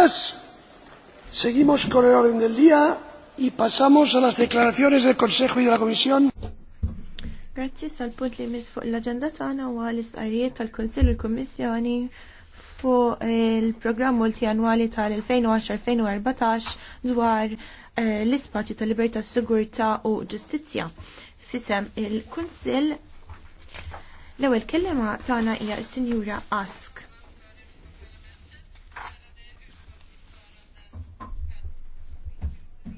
gracias. Seguimos con el orden del día y pasamos a las declaraciones del Consejo y de la Comisión. Grazzi sal-punt li mis fuq l-agenda tagħna huwa l-istqarrijiet tal-Kunsill u l-Kummissjoni fuq eh, il-programm multianwali tal-2010-2014 dwar eh, l-ispazju tal-libertà, sigurtà u ġustizzja. Fisem il-Kunsill l-ewwel kelliema tagħna hija s-Sinjura Ask.